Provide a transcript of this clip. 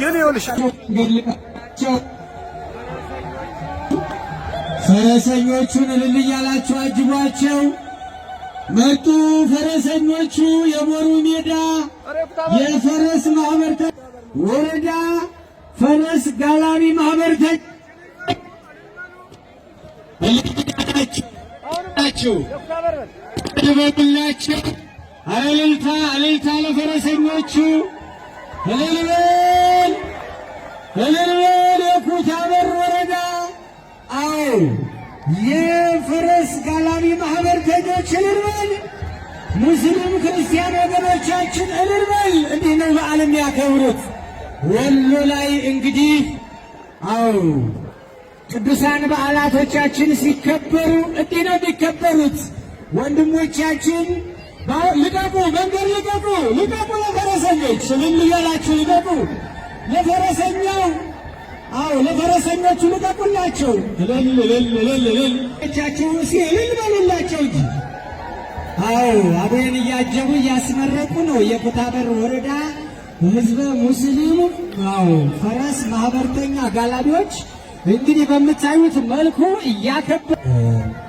ግን ይኸውልሽ ፈረሰኞቹን እልል እያላችሁ አጅቧቸው መጡ። ፈረሰኞቹ የሞሩ ሜዳ የፈረስ ማህበርተ ወረዳ ፈረስ ጋላቢ ማህበርተ ናቸው። በቡላቸው አለልታ አለልታ ለፈረሰኞቹ በበል የኩታበር ወረዳ አዎ የፈረስ ጋላቢ ማህበር ተኞች እልልበል፣ ሙስሊም ክርስቲያን ወገኖቻችን እልልበል። እንዲህ ነው በዓል የሚያከብሩት ወሎ ላይ እንግዲህ አዎ ቅዱሳን በዓላቶቻችን ሲከበሩ እንዲህ ነው የሚከበሩት። ወንድሞቻችን ልቀቁ፣ መንገድ ልቀቁ፣ ልቀቁ፣ ለፈረሰኞች ስልም ልበላችሁ ልቀቁ ለፈረሰኛ አዎ ለፈረሰኞቹ ልቀቁላቸው። እልል እልል እልል እልል እቻቸው እሲ እልል በሉላቸው እንጂ። አዎ አብን እያጀቡ እያስመረቁ ነው የኩታበር ወረዳ ህዝበ ሙስሊሙ አዎ ፈረስ ማህበርተኛ ጋላቢዎች እንግዲህ በምታዩት መልኩ እያከበ